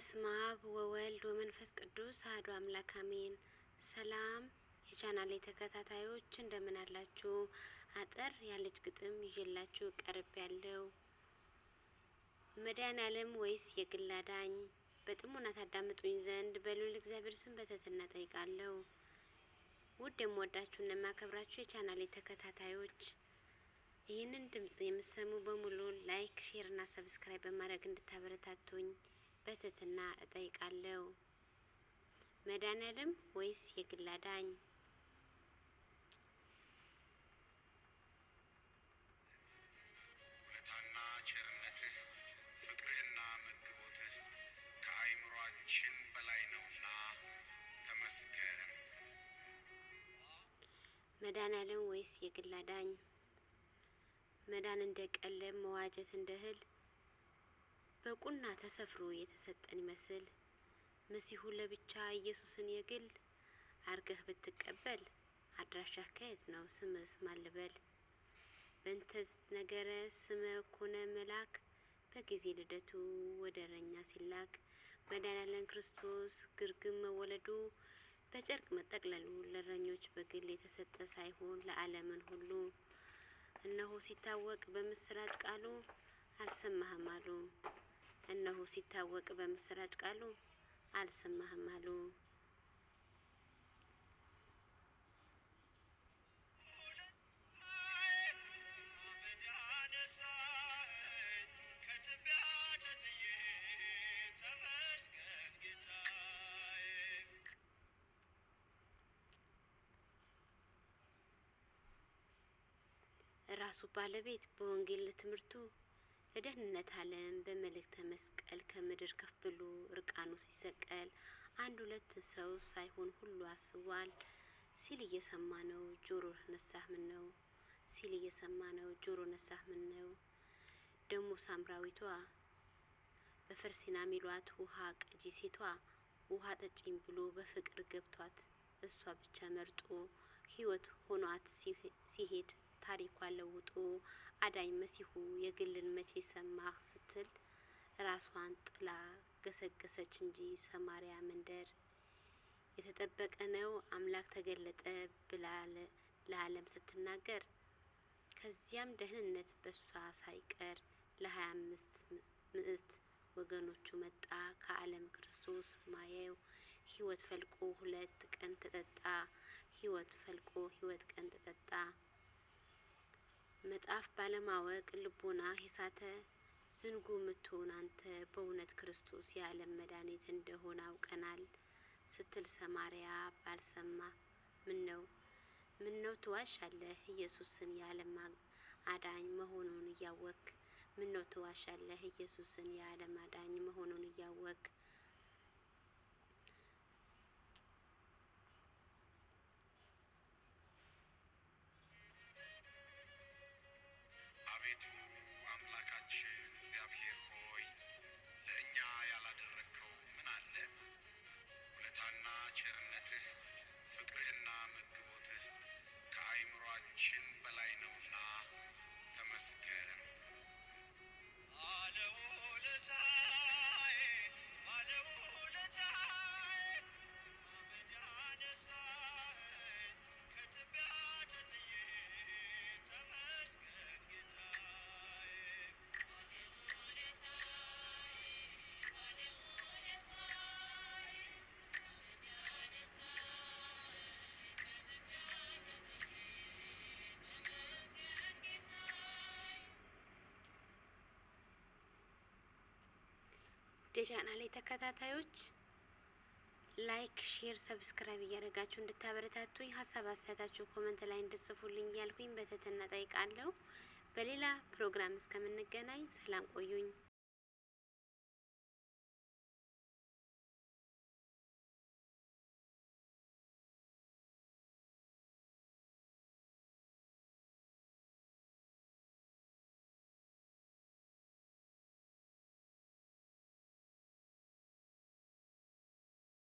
በስመ አብ ወወልድ ወመንፈስ ቅዱስ አሐዱ አምላክ አሜን። ሰላም የቻናሌ ተከታታዮች እንደምን አላችሁ? አጠር ያለች ግጥም ይዤላችሁ ቀርብ ያለው መድኃኔ ዓለም ወይስ የግል አዳኝ? በጥሞና ታዳምጡኝ ዘንድ በልዑል እግዚአብሔር ስም በትህትና ጠይቃለሁ። ውድ የምወዳችሁና የማከብራችሁ የቻናሌ ተከታታዮች ይህንን ድምጽ የምትሰሙ በሙሉ ላይክ፣ ሼር እና ሰብስክራይብ በማድረግ እንድታበረታቱኝ በትህትና እጠይቃለሁ። መድኃኔዓለም ወይስ የግል አዳኝ? ውለታና ቸርነትህ ፍቅርህና መግቦትህ ከአይምሯችን በላይ ነውና ተመስገን። መድኃኔዓለም ወይስ የግል አዳኝ? መዳን እንደ ቀለም መዋጀት እንደ እህል በቁና ተሰፍሮ የተሰጠን ይመስል መሲሁ ለብቻ ኢየሱስን የግል አርገህ ብትቀበል አድራሻ ከየት ነው? ስምህ ማልበል በንተዝ ነገረ ስመ ኮነ መላክ በጊዜ ልደቱ ወደረኛ ሲላክ መድኃኔዓለም ክርስቶስ ግርግም መወለዱ በጨርቅ መጠቅለሉ ለእረኞች በግል የተሰጠ ሳይሆን ለዓለምን ሁሉ እነሆ ሲታወቅ በምስራች ቃሉ አልሰማህም አሉ። እነሆ ሲታወቅ በምስራች ቃሉ አልሰማህም አሉ። ራሱ ባለቤት በወንጌል ትምህርቱ ለደህንነት ዓለም በመልእክተ መስቀል ከምድር ከፍ ብሎ እርቃኑ ሲሰቀል አንድ ሁለት ሰው ሳይሆን ሁሉ አስቧል ሲል እየሰማ ነው ጆሮ ነሳህ ምን ነው ሲል እየሰማ ነው ጆሮ ነሳህ ምን ነው ደግሞ ሳምራዊቷ በፈርሲና ሚሏት ውሃ ቀጂ ሴቷ ውሃ ጠጪኝ ብሎ በፍቅር ገብቷት እሷ ብቻ መርጦ ህይወት ሆኗት ሲሄድ ታሪኳን ለውጦ አዳኝ መሲሁ የግልን መቼ ሰማህ ስትል ራሷን ጥላ ገሰገሰች እንጂ ሰማሪያ መንደር የተጠበቀ ነው አምላክ ተገለጠ ብላ ለዓለም ስትናገር ከዚያም ደህንነት በሷ ሳይቀር ለሀያ አምስት ምዕት ወገኖቹ መጣ ከዓለም ክርስቶስ ማየው ሕይወት ፈልቆ ሁለት ቀን ተጠጣ ሕይወት ፈልቆ ሕይወት ቀን ተጠጣ መጣፍ ባለማወቅ ልቦና የሳተ ዝንጉ ምትሆን አንተ በእውነት ክርስቶስ የዓለም መድኃኒት እንደሆነ አውቀናል ስትል ሰማርያ ባልሰማ ምን ነው ምን ነው ትዋሻለህ? ኢየሱስን የዓለም አዳኝ መሆኑን እያወቅ ምን ነው ትዋሻለህ? ኢየሱስን የዓለም አዳኝ መሆኑን እያወቅ? የቻናሌ ተከታታዮች ላይክ፣ ሼር፣ ሰብስክራይብ እያደረጋችሁ እንድታበረታቱኝ ሀሳብ አስተያየታችሁ ኮመንት ላይ እንድጽፉልኝ እያልኩኝ በትህትና ጠይቃለሁ። በሌላ ፕሮግራም እስከምንገናኝ ሰላም ቆዩኝ።